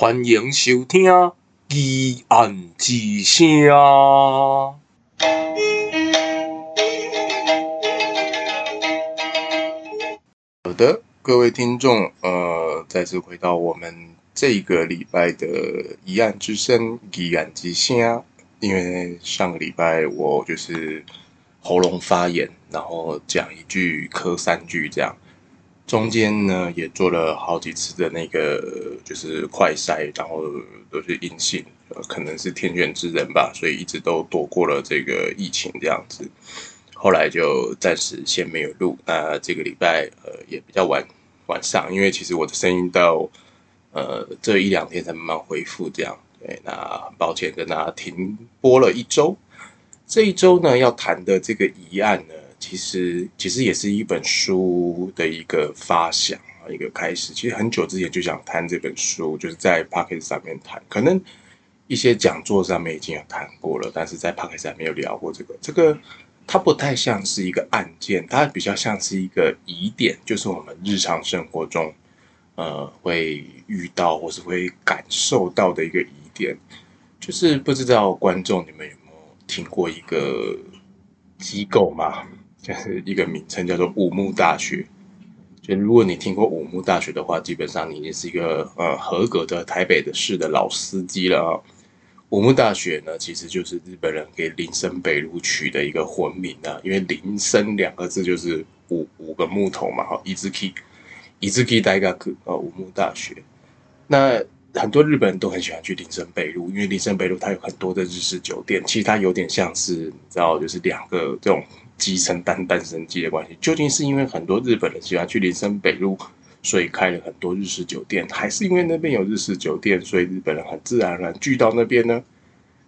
歡迎收聽，啊《疑案之聲》。好的，各位聽眾，呃，再次回到我們這個禮拜的《疑案之聲》，《疑案之聲》。因為上個禮拜我就是喉嚨發炎，然後講一句，咳三句這樣。中間呢，也做了好幾次的那個，就是快篩，然後都是陰性，呃，可能是天選之人吧，所以一直都躲過了這個疫情這樣子。後來就暫時先沒有錄，那這個禮拜呃也比較晚晚上，因為其實我的聲音到呃這一兩天才慢慢恢復這樣。對，那很抱歉跟大家停播了一周。這一周呢，要談的這個疑案呢。其實，其實也是一本書的一個發想啊，一個開始。其實很久之前就想談這本書，就是在 Podcast 上面談。可能一些講座上面已經有談過了，但是在 Podcast 上沒有聊過這個。這個它不太像是一個案件，它比較像是一個疑點，就是我們日常生活中呃會遇到或是會感受到的一個疑點。就是不知道觀眾你們有沒有聽過一個機構嗎？就是一個名稱叫做五木大學。就如果你聽過五木大學的話，基本上你已經是一個呃、嗯、合格的台北的市的老司機了啊、哦。五木大學呢，其實就是日本人給林森北路取的一個混名啊。因為“林森”兩個字就是五五個木頭嘛，哈、哦，伊茲基、伊茲基代嘎克呃五木大學。那很多日本人都很喜歡去林森北路，因為林森北路它有很多的日式酒店，其實它有點像是你知道，就是兩個這種。雞生蛋，蛋生雞的關係，究竟，是因為很多日本人喜歡去林森北路，所以開了很多日式酒店，還是因為那邊有日式酒店，所以日本人很自然而然聚到那邊呢？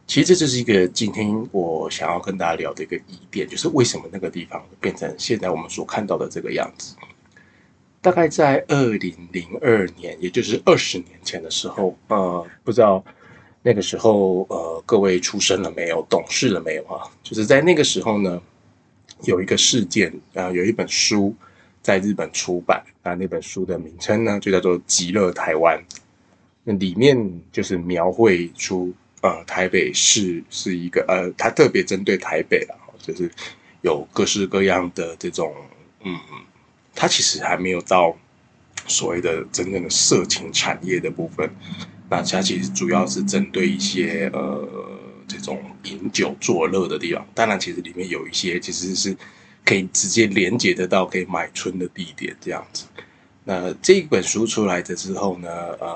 其實這就是一個今天我想要跟大家聊的一個疑點，就是為什麼那個地方變成現在我們所看到的這個樣子。大概在二零零二年，也就是二十年前的時候，呃，不知道那個時候呃各位出生了沒有，懂事了沒有啊，就是在那個時候呢。有一個事件啊、呃，有一本書在日本出版啊、呃，那那本書的名稱呢就叫做《極樂台灣》，那裡面就是描繪出呃台北市是一個呃，它特別針對台北啊，就是有各式各樣的這種嗯，它其實還沒有到所謂的真正的色情產業的部分，那它其實主要是針對一些、嗯、呃。這種飲酒作樂的地方，當然其實裡面有一些其實是可以直接連接得到可以買春的地點這樣子。那這本書出來的之後呢，呃，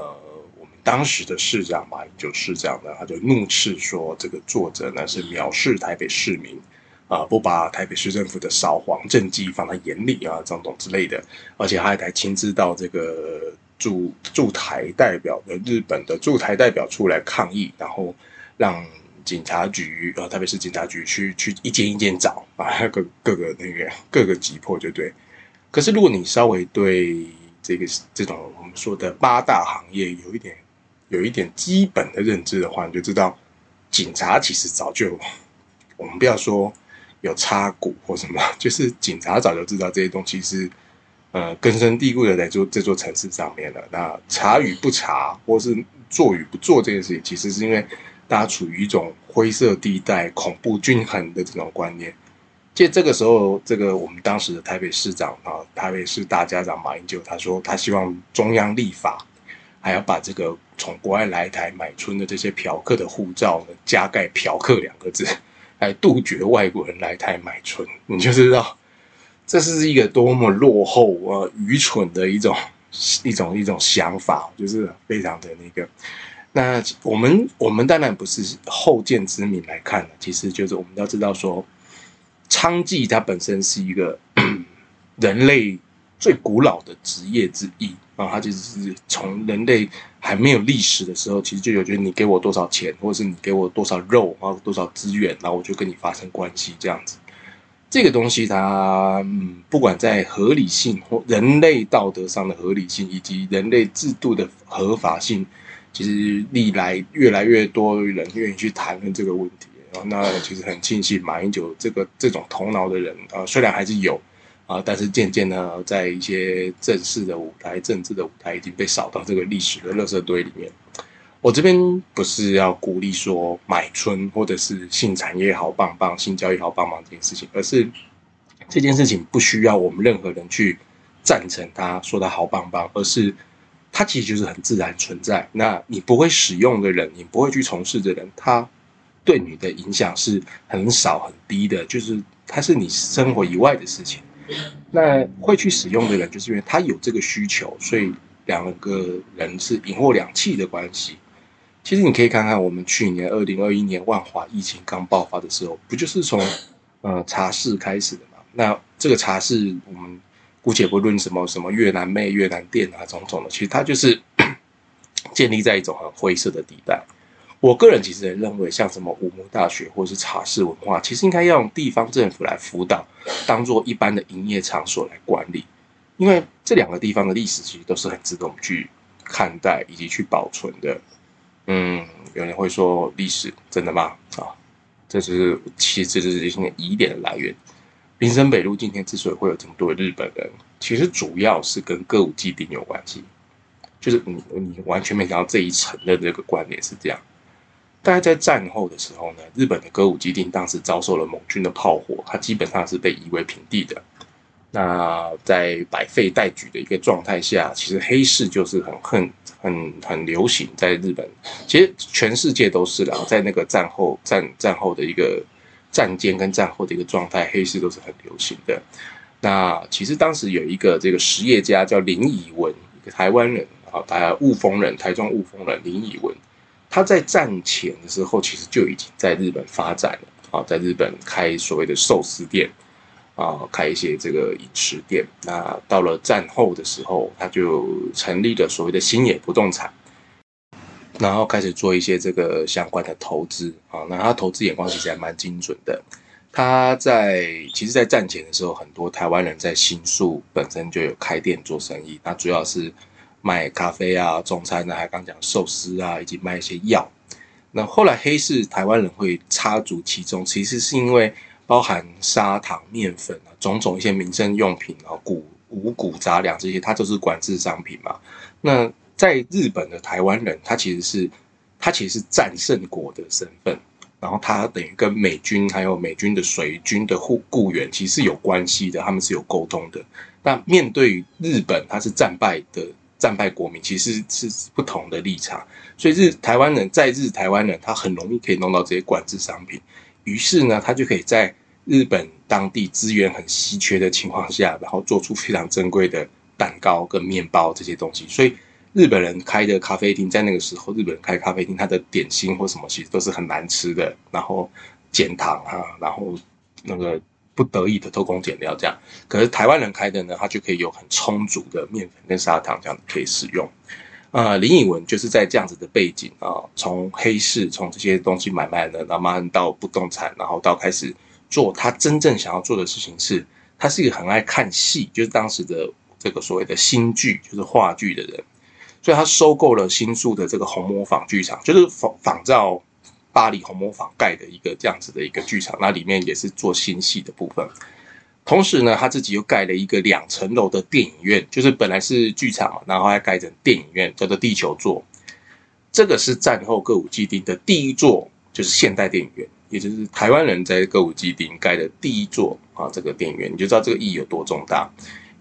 我們當時的市長嘛，馬英九市長呢，他就怒斥說這個作者呢是藐視台北市民啊、呃，不把台北市政府的掃黃政績放在眼裡啊，這種之類的。而且他還親自到這個駐駐台代表的日本的駐台代表處來抗議，然後讓。警察局啊、哦，特別是警察局去去一間一間找，把、啊、各各個那個各個擊破就對。可是，如果你稍微對這個這種我們說的八大行業有一點有一點基本的認知的話，你就知道警察其實早就，我們不要說有插股或什麼，就是警察早就知道這些東西是呃根深蒂固的在這這座城市上面了。那查與不查，或是做與不做這件事情，其實是因為。大家處於一種灰色地帶、恐怖均衡的這種觀念。借這個時候，這個我們當時的台北市長啊，台北市大家長馬英九，他說他希望中央立法，還要把這個從國外來台買春的這些嫖客的護照呢，加蓋“嫖客”兩個字，來杜絕外國人來台買春。你就知道這是一個多麼落後啊、呃、愚蠢的一種一種一種，一種想法，就是非常的那個。那我們我們當然不是後見之明來看，其實就是我們要知道說，娼妓它本身是一個人類最古老的職業之一啊，它其實是從人類還沒有歷史的時候，其實就有覺得你給我多少錢，或者是你給我多少肉啊，或者多少資源，然後我就跟你發生關係這樣子。這個東西它，嗯，不管在合理性或人類道德上的合理性，以及人類制度的合法性。其實，歷來越來越多人願意去談論這個問題，然後那其實很慶幸，馬英九這個這種頭腦的人，呃，雖然還是有，啊、呃，但是漸漸呢，在一些正式的舞台、政治的舞台，已經被掃到這個歷史的垃圾堆裡面。我這邊不是要鼓勵說買春或者是性產業好棒棒、性交易好棒棒這件事情，而是這件事情不需要我們任何人去贊成他，說他好棒棒，而是。它其實就是很自然存在。那你不會使用的人，你不會去從事的人，它對你的影響是很少很低的，就是它是你生活以外的事情。那會去使用的人，就是因為他有這個需求，所以兩個人是銀貨兩訖的關係。其實你可以看看我們去年二零二一年萬華疫情剛爆發的時候，不就是從呃茶室開始的嗎？那這個茶室我們。姑且不論什麼什麼越南妹、越南店啊，種種的，其實它就是 建立在一種很灰色的地帶。我個人其實也認為，像什麼五木大學或者是茶室文化，其實應該要用地方政府來輔導，當做一般的營業場所來管理。因為這兩個地方的歷史其實都是很值得我們去看待以及去保存的。嗯，有人會說歷史真的嗎？啊，這、就是其實這就是一些疑點的來源。林森北路今天之所以會有這麼多的日本人，其實主要是跟歌舞伎町有關係。就是你你完全沒想到這一層的這個觀念是這樣。大概在戰後的時候呢，日本的歌舞伎町當時遭受了盟軍的炮火，它基本上是被夷為平地的。那在百廢待舉的一個狀態下，其實黑市就是很很很很流行在日本，其實全世界都是了。然後在那個戰後戰戰後的一個。戰前跟戰後的一個狀態，黑市都是很流行的。那其實當時有一個這個實業家叫林以文，一個台灣人啊，台霧峰人，台中霧峰人林以文，他在戰前的時候其實就已經在日本發展了啊、呃，在日本開所謂的壽司店啊、呃，開一些這個飲食店。那到了戰後的時候，他就成立了所謂的新野不動產。然後開始做一些這個相關的投資啊，那他投資眼光其實還蠻精準的。他在其實，在戰前的時候，很多台灣人在新宿本身就有開店做生意，那主要是賣咖啡啊、中餐啊，還剛講壽司啊，以及賣一些藥。那後來黑市台灣人會插足其中，其實是因為包含砂糖、麵粉啊，種種一些民生用品啊，谷五谷雜糧這些，它就是管制商品嘛。那在日本的台灣人，他其實是他其實是戰勝國的身份，然後他等於跟美軍還有美軍的水軍的護雇員其實是有關係的，他們是有溝通的。那面對日本，他是戰敗的戰敗國民，其實是,是不同的立場，所以日台灣人在日台灣人，他很容易可以弄到這些管制商品，於是呢，他就可以在日本當地資源很稀缺的情況下，然後做出非常珍貴的蛋糕跟面包這些東西，所以。日本人開的咖啡廳，在那個時候，日本人開咖啡廳，他的點心或什麼其實都是很難吃的，然後減糖啊，然後那個不得已的偷工減料這樣。可是台灣人開的呢，他就可以有很充足的麵粉跟砂糖這樣子可以使用。呃，林以文就是在這樣子的背景啊，從黑市從這些東西買賣呢，然後慢慢到不動產，然後到開始做他真正想要做的事情是，是他是一個很愛看戲，就是當時的這個所謂的新劇，就是話劇的人。所以他收購了新宿的這個紅磨坊劇場，就是仿仿造巴黎紅磨坊蓋的一個這樣子的一個劇場，那裡面也是做新戲的部分。同時呢，他自己又蓋了一個兩層樓的電影院，就是本來是劇場嘛，然後還蓋成電影院，叫做地球座。這個是戰後歌舞伎町的第一座，就是現代電影院，也就是台灣人在歌舞伎町蓋的第一座啊，這個電影院，你就知道這個意義有多重大。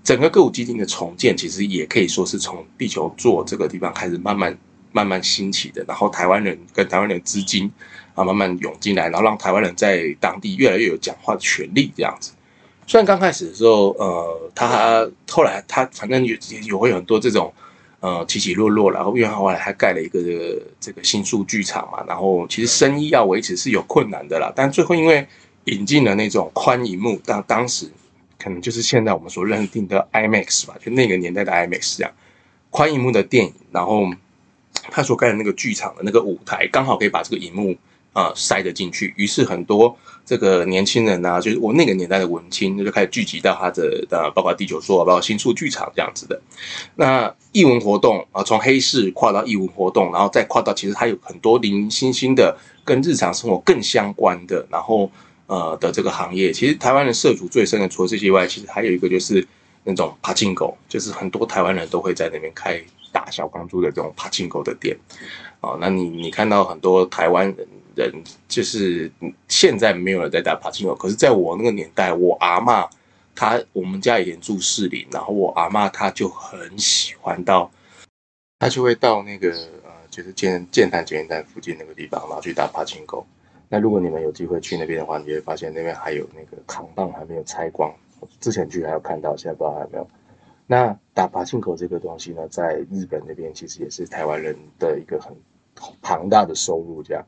整個歌舞伎町的重建，其實也可以說是從地球座這個地方開始慢慢慢慢興起的。然後台灣人跟台灣人的資金啊，慢慢湧進來，然後讓台灣人在當地越來越有講話的權利。這樣子，雖然剛開始的時候，呃，他後來他反正有有會很多這種呃起起落落，然後因為後來他蓋了一個這個、這個、新宿劇場嘛，然後其實生意要維持是有困難的啦。但最後因為引進了那種寬銀幕，當當時，可能就是現在我們所認定的 IMAX 吧，就那個年代的 IMAX 這樣寬銀幕的電影，然後他所蓋的那個劇場的那個舞台剛好可以把這個銀幕啊、呃、塞得進去，於是很多這個年輕人啊，就是我那個年代的文青，就開始聚集到他的包括地球座，包括新宿劇場這樣子的。那藝文活動啊、呃，從黑市跨到藝文活動，然後再跨到其實還有很多零星星的跟日常生活更相關的，然後。呃的這個行業，其實台灣人涉足最深的，除了這些以外，其實還有一個就是那種柏青哥，就是很多台灣人都會在那邊開打小鋼珠的這種柏青哥的店。哦，那你你看到很多台灣人，人就是現在沒有人在打柏青哥，可是在我那個年代，我阿嬤她，我們家也住士林，然後我阿嬤她就很喜歡到，她就會到那個呃，就是劍劍潭捷運站附近那個地方，然後去打柏青哥。那如果你們有機會去那邊的話，你會發現那邊還有那個扛棒還沒有拆光。之前去還有看到，現在不知道還有沒有。那打靶進口這個東西呢，在日本那邊其實也是台灣人的一個很龐大的收入這樣。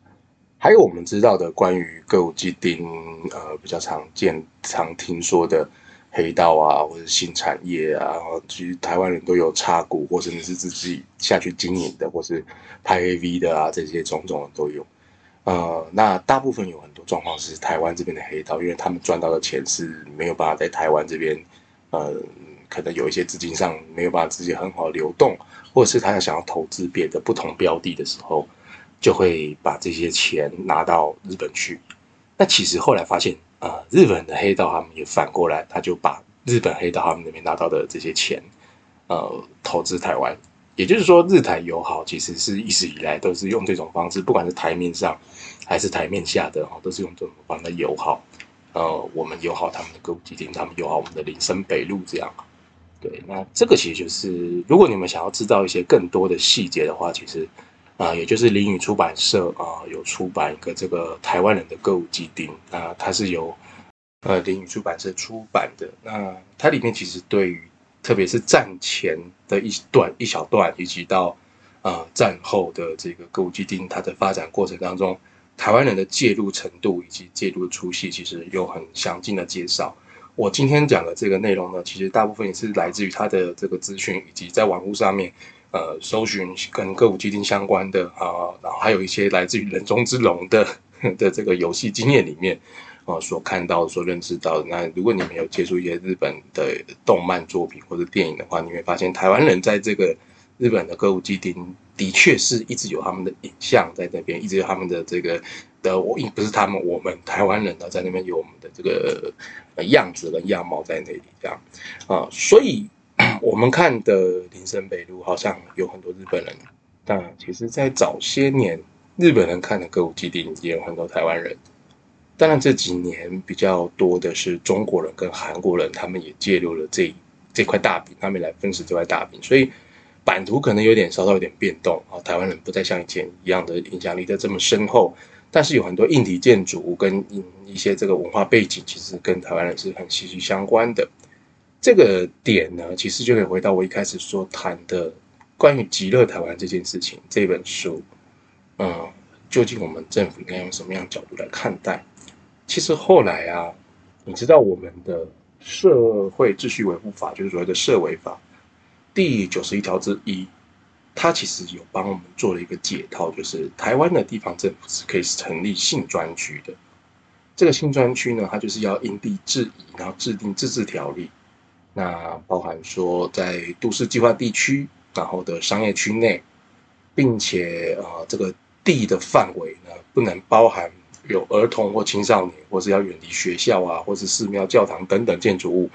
還有我們知道的關於歌舞伎町，呃，比較常見、常聽說的黑道啊，或是性產業啊，其實台灣人都有插股，或是你是自己下去經營的，或是拍 AV 的啊，這些種種的都有。呃，那大部分有很多狀況是台灣這邊的黑道，因為他們賺到的錢是沒有辦法在台灣這邊，呃，可能有一些資金上沒有辦法直接很好流動，或者是他要想要投資別的不同標的的時候，就會把這些錢拿到日本去。那其實後來發現，呃，日本的黑道他們也反過來，他就把日本黑道他們那邊拿到的這些錢，呃，投資台灣。也就是說，日台友好其實是一直以來都是用這種方式，不管是台面上還是台面下的哈，都是用這種方式友好。呃，我們友好他們的歌舞伎町，他們友好我們的林森北路，這樣。對，那這個其實就是，如果你們想要知道一些更多的細節的話，其實啊、呃，也就是林語出版社啊、呃、有出版一個這個台灣人的歌舞伎町啊，它是由呃林語出版社出版的。那、呃、它裡面其實對於。特別是戰前的一段一小段，以及到啊、呃、戰後的這個歌舞伎町，它的發展過程當中，台灣人的介入程度以及介入的粗細，其實有很詳盡的介紹。我今天講的這個內容呢，其實大部分也是來自於他的這個資訊，以及在網絡上面呃搜尋跟歌舞伎町相關的啊、呃，然後還有一些來自於人中之龍的的這個遊戲經驗裡面。啊，所看到、所認知到的那，如果你們有接觸一些日本的動漫作品或者電影的話，你會發現台灣人在這個日本的歌舞伎町的確是一直有他們的影像在那邊，一直有他們的這個的，我不是他們，我們台灣人呢，在那邊有我們的這個樣子跟樣貌在那裡。這樣啊，所以我們看的林森北路好像有很多日本人，但其實，在早些年，日本人看的歌舞伎町也有很多台灣人。當然，這幾年比較多的是中國人跟韓國人，他們也介入了這這塊大餅，他們也來分食這塊大餅，所以版圖可能有點稍稍有點變動啊。台灣人不再像以前一樣的影響力在這麼深厚，但是有很多硬體建築跟一些這個文化背景，其實跟台灣人是很息息相關的。這個點呢，其實就可以回到我一開始所談的關於“極樂台灣”這件事情這本書，嗯，究竟我們政府應該用什麼樣的角度來看待？其實後來啊，你知道我們的社會秩序維護法，就是所謂的社維法，第九十一條之一，它其實有幫我們做了一個解套，就是台灣的地方政府是可以成立性專區的。這個性專區呢，它就是要因地制宜，然後制定自治條例。那包含說在都市計劃地區，然後的商業區內，並且啊、呃，這個地的範圍呢，不能包含。有兒童或青少年，或是要遠離學校啊，或是寺廟、教堂等等建築物，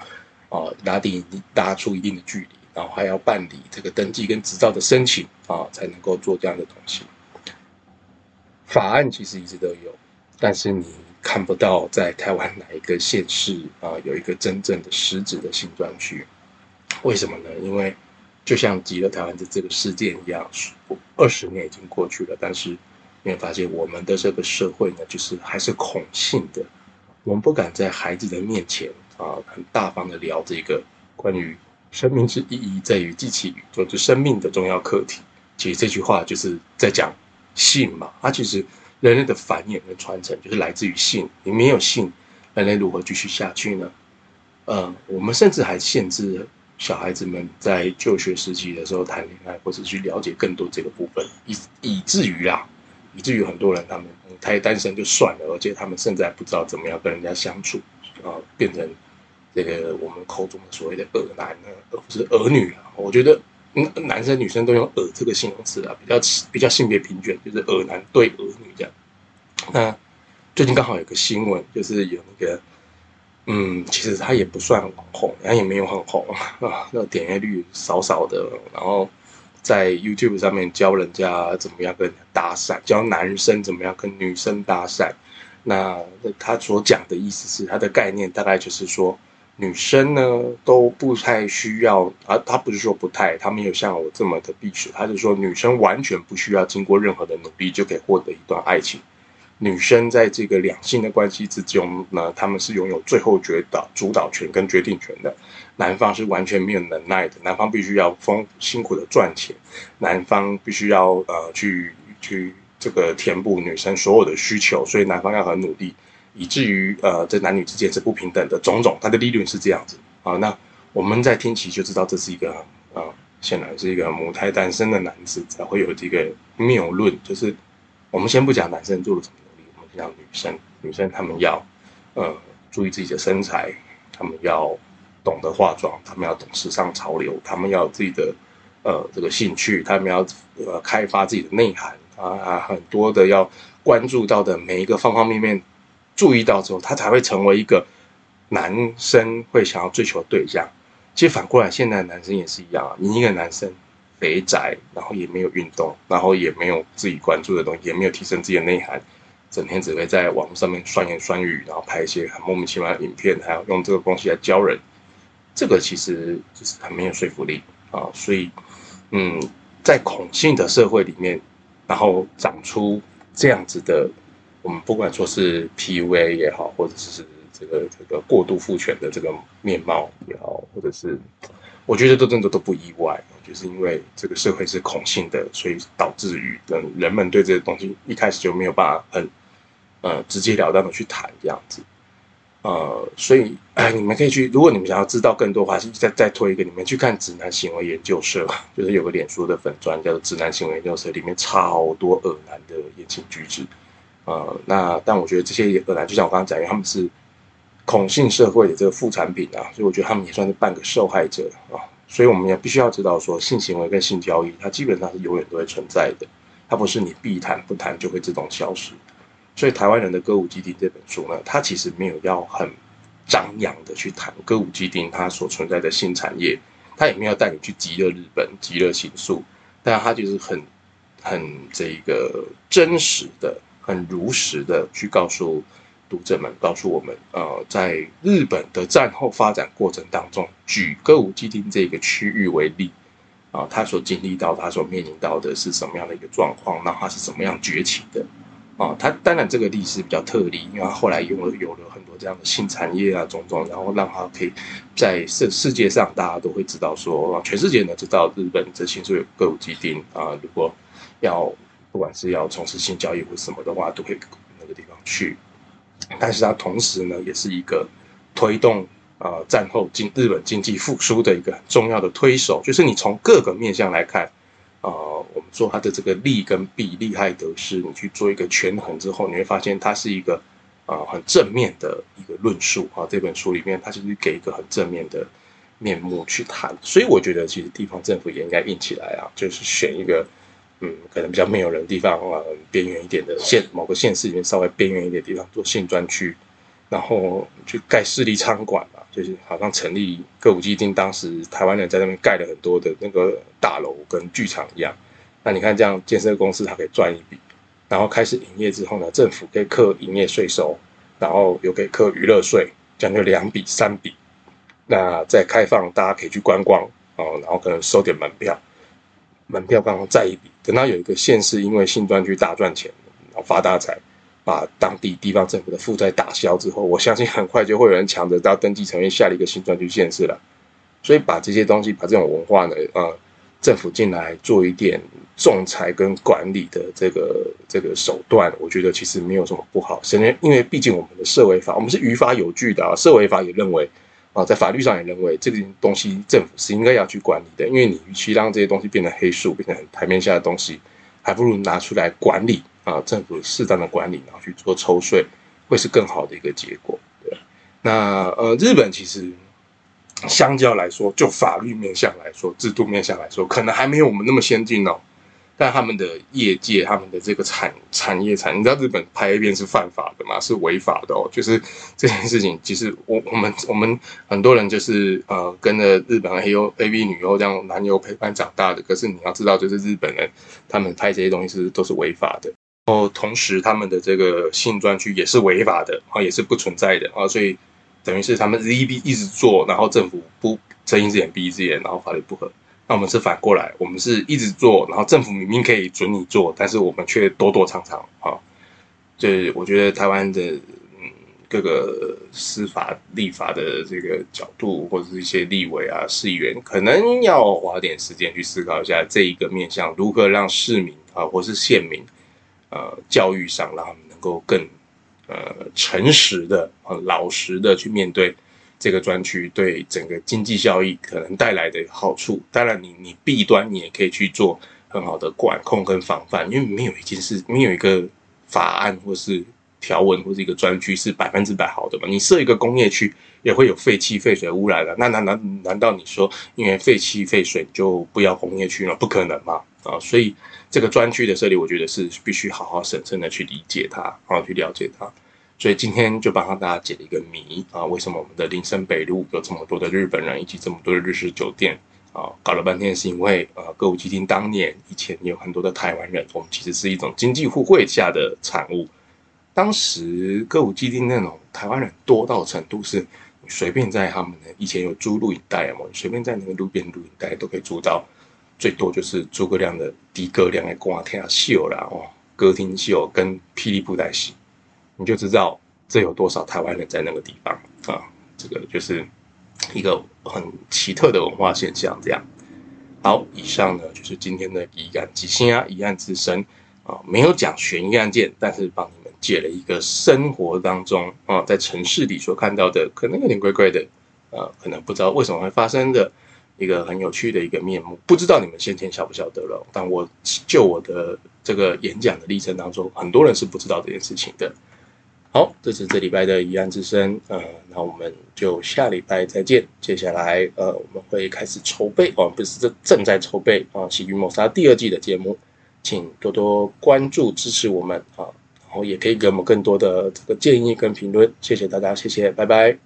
啊，拿定、搭出一定的距離，然後還要辦理這個登記跟執照的申請啊，才能夠做這樣的東西。法案其實一直都有，但是你看不到在台灣哪一個縣市啊有一個真正的實質的性專區，為什麼呢？因為就像極樂臺灣的這個事件一樣，二十年已經過去了，但是。你會發現，我們的這個社會呢，就是還是恐性的。我們不敢在孩子的面前啊，很大方的聊這個關於生命之意義在於繼起宇宙之生命的重要課題。其實這句話就是在講性嘛。啊，其實人類的繁衍跟傳承就是來自於性。你沒有性，人類如何繼續下去呢？呃，我們甚至還限制小孩子們在就學時期的時候談戀愛，或者去了解更多這個部分，以以至於啊。以至於很多人他們、嗯、太單身就算了，而且他們甚至還不知道怎麼樣跟人家相處啊，變成這個我們口中的所謂的“惡男”啊呢，而不是“惡女”啊。我覺得男生女生都用“惡”這個形容詞啊，比較比較性別平權，就是“惡男”對“惡女”這樣。那最近剛好有個新聞，就是有那個，嗯，其實他也不算網紅，他也沒有很紅啊，那點閱率少少的，然後。在 YouTube 上面教人家怎麼樣跟人搭訕，教男生怎麼樣跟女生搭訕。那他所講的意思是，他的概念大概就是說，女生呢都不太需要，啊，他不是說不太，他沒有像我這麼的避諱，他就說女生完全不需要經過任何的努力就可以獲得一段愛情。女生在這個兩性的關係之中呢，她們是擁有最後決導主導權跟決定權的，男方是完全沒有能耐的，男方必須要豐辛苦的賺錢，男方必須要呃，去去這個填補女生所有的需求，所以男方要很努力，以至於呃，在男女之間是不平等的種種，他的理論是這樣子啊。那我們在聽起就知道這是一個呃，顯然是一個母胎單身的男子才會有這個謬論，就是我們先不講男生做了什麼。像女生，女生她們要呃注意自己的身材，她們要懂得化妝，她們要懂時尚潮流，她們要有自己的呃這個興趣，她們要呃開發自己的內涵啊，很多的要關注到的每一個方方面面，注意到之後，她才會成為一個男生會想要追求的對象。其實反過來，現在的男生也是一樣啊，你一個男生肥宅，然後也沒有運動，然後也沒有自己關注的東西，也沒有提升自己的內涵。整天只會在網絡上面酸言酸語，然後拍一些很莫名其妙的影片，還要用這個東西來教人，這個其實就是很沒有說服力啊。所以，嗯，在恐性的社會裡面，然後長出這樣子的，我們不管說是 PUA 也好，或者是這個這個過度父權的這個面貌也好，或者是我覺得這真的都不意外，就是因為這個社會是恐性的，所以導致於人人們對這些東西一開始就沒有辦法很。呃，直截了當的去談這樣子，呃，所以哎、呃，你們可以去，如果你們想要知道更多的話，是再再推一個，你們去看指南行為研究社，就是有個臉書的粉專叫做“指南行為研究社”，裡面超多惡男的言行舉止，呃，那但我覺得這些惡男，就像我剛剛講，因為他們是恐性社會的這個副產品啊，所以我覺得他們也算是半個受害者啊、呃，所以我們也必須要知道說，性行為跟性交易，它基本上是永遠都會存在的，它不是你避談不談就會自動消失。所以，《台灣人的歌舞伎町》這本書呢，它其實沒有要很張揚的去談歌舞伎町它所存在的性產業，它也沒有帶你去極樂日本、極樂新宿，但它就是很、很這個真實的、很如實的去告訴讀者們、告訴我們，呃，在日本的戰後發展過程當中，舉歌舞伎町這個區域為例，啊、呃，他所經歷到、他所面臨到的是什麼樣的一個狀況，那他是怎麼樣崛起的。啊，它當然這個歷史比較特例，因為他後來有了有了很多這樣的性產業啊，種種，然後讓它可以在世世界上大家都會知道說，說、啊、全世界呢知道日本這新宿有歌舞伎町啊，如果要不管是要從事性交易或什麼的話，都會那個地方去。但是它同時呢，也是一個推動啊、呃、戰後經日本經濟復甦的一個很重要的推手，就是你從各個面向來看。呃，我們說它的這個利跟弊，利害得失，你去做一個權衡之後，你會發現它是一個呃很正面的一個論述啊。這本書裡面，它就是給一個很正面的面目去談。所以我覺得，其實地方政府也應該硬起來啊，就是選一個嗯，可能比較沒有人的地方啊，呃，邊緣一點的縣，某個縣市裡面稍微邊緣一點的地方做性專區。然後去蓋勢力餐館嘛，就是好像成立歌舞伎町，當時台灣人在那邊蓋了很多的那個大樓跟劇場一樣。那你看這樣建設公司它可以賺一筆，然後開始營業之後呢，政府可以課營業稅收，然後又可以課娛樂稅，將近兩筆三筆。那再開放大家可以去觀光哦，然後可能收點門票，門票剛好再一筆。等到有一個縣市因為性專區大賺錢，然後發大財，把當地地方政府的負債打消之後，我相信很快就會有人搶着到登記成為下一個性專區縣市了。所以把這些東西，把這種文化呢，呃、嗯，政府進來做一點仲裁跟管理的這個這個手段，我覺得其實沒有什麼不好。首先，因為畢竟我們的社維法，我們是於法有據的，啊。社維法也認為啊，在法律上也認為這個東西政府是應該要去管理的。因為你與其讓這些東西變成黑數，變成台面下的東西，還不如拿出來管理。啊、呃，政府適當的管理，然後去做抽稅，會是更好的一個結果。對，那呃，日本其實相較來說，就法律面向來說，制度面向來說，可能還沒有我們那麼先進哦。但他們的業界，他們的這個產產業產，你知道日本拍 A 片是犯法的嘛？是違法的哦。就是這件事情，其實我們我們我們很多人就是呃，跟着日本 AO, AV 女優這樣男友陪伴長大的。可是你要知道，就是日本人他們拍這些東西是都是違法的。哦，同時他們的這個性專區也是違法的啊，也是不存在的啊，所以等於是他們 ZB 一直做，然後政府不睜一只眼閉一只眼，然後法律不合。那我們是反過來，我們是一直做，然後政府明明可以准你做，但是我們卻躲躲藏藏啊。這我覺得台灣的嗯各個司法、立法的這個角度，或者是一些立委啊、市議員，可能要花點時間去思考一下這一個面向，如何讓市民啊，或是縣民。呃，教育上讓他們能夠更呃誠實的、呃、老實的去面對這個專區對整個經濟效益可能帶來的好處。當然你，你你弊端，你也可以去做很好的管控跟防範。因為沒有一件事、沒有一個法案或是條文或是一個專區是百分之百好的嘛。你設一個工業區也會有廢氣、廢水污染的、啊。那難難難道你說因為廢氣廢水就不要工業區了？不可能嘛？啊，所以這個專區的設立，我覺得是必須好好審慎的去理解它，好好去了解它。所以今天就幫大家解了一個謎啊，為什麼我們的林森北路有這麼多的日本人，以及這麼多的日式酒店？啊，搞了半天是因為呃、啊、歌舞伎町當年以前有很多的台灣人，我們其實是一種經濟互惠下的產物。當時歌舞伎町那種台灣人多到的程度是你隨便在他們的以前有租錄影帶嘛、啊，隨便在那個路邊錄影帶都可以租到。最多就是諸葛亮的第哥亮的哥兩個逛天下秀啦，哦，歌廳秀跟霹靂布袋戲，你就知道這有多少台灣人在那個地方啊，這個就是一個很奇特的文化現象。這樣，好，以上呢就是今天的疑案即興啊，疑案之聲啊，沒有講懸疑案件，但是幫你們解了一個生活當中啊，在城市裡所看到的可能有點怪怪的，啊，可能不知道為什麼會發生的。一個很有趣的一個面目，不知道你們先前曉不曉得了。但我就我的這個演講的歷程當中，很多人是不知道這件事情的。好，這是這禮拜的疑案之聲，呃，那我們就下禮拜再見。接下來，呃，我們會開始籌備，我、哦、不是正正在籌備啊《洗冤謀殺》第二季的節目，請多多關注支持我們啊，然後也可以給我們更多的這個建議跟評論，謝謝大家，謝謝，拜拜。